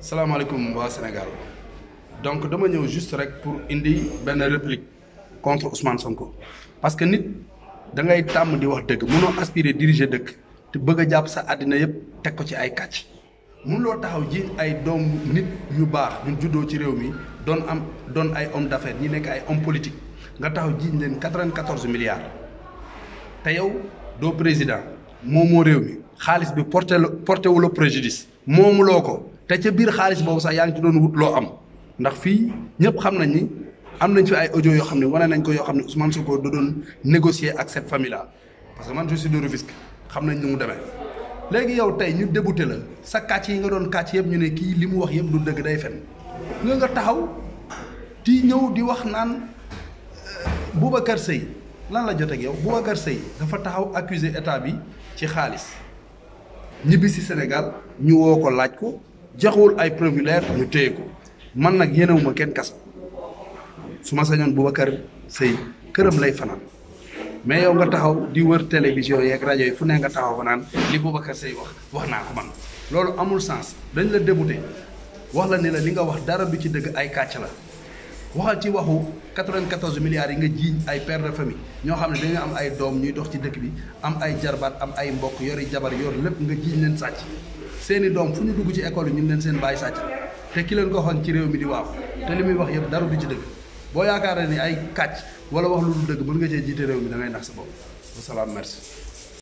salaamaaleykum waa Sénégal donc dama ñëw juste rek pour indi benn réplique contre Ousmane Sonko parce que nit da ngay tàmm di wax dëgg mënoo aspirer diriger dëkk te bëgg a jàpp sa àddina yëpp teg ko ci ay kàcc. mënuloo taxaw ji ay doom nit ñu baax ñu juddoo ci réew mi doon am doon ay homme d'affaires ñi nekk ay homme politique nga taxaw ji leen quatre-vingt-quatorze milliards te yow doo président. moo réew mi xaalis bi porté porté wu la préjudice moomuloo ko te ca biir xaalis boobu sax yaa ngi ci doon wut loo am ndax fii ñëpp xam nañ ni am nañ fi ay audio yoo xam ne wane nañ ko yoo xam ne Ousmane Sonko da doon négocier ak cette famille là parce que man je suis de Rufisque xam nañ ni mu demee. léegi yow tey ñu débouté la sa kàcc yi nga doon kàcc yëpp ñu ne kii li mu wax yëpp du dëgg day fen nga nga taxaw di ñëw di wax naan euh, Boubacar Seye. lan la jot ak yow Boubacar Seye dafa taxaw accuser état bi ci xaalis ñibbi si Sénégal ñu woo ko laaj ko joxewul ay preuve leer ñu téye ko man nag yéenewuma kenn kas su ma sañoon Boubacar sëy këram lay fanaan mais yow nga taxaw di wër télévision yeeg rajo yi fu ne nga taxaw fa naan li Boubacar Seye wax wax naa ko man loolu amul sens dañ la débouté wax la ne la li nga wax dara du ci dëgg ay kàcc la waxal ci waxu 94 milliards yi nga ji ay per de famille ñoo xam ne dañoo am ay doom ñuy dox ci dëkk bi am ay jarbaat am ay mbokk yori jabar yor lépp nga jiiñ leen sàcc seeni doom fu ñu dugg ci école yi ñu ngi leen seen bàyyi sàcc te ki leen ko waxoon ci réew mi di waaw te li muy wax yëpp dara du ci dëgg boo yaakaaree ni ay kàcc wala wax lu dul dëgg mën nga cee jiite réew mi da ngay sa bopp wasalaam merci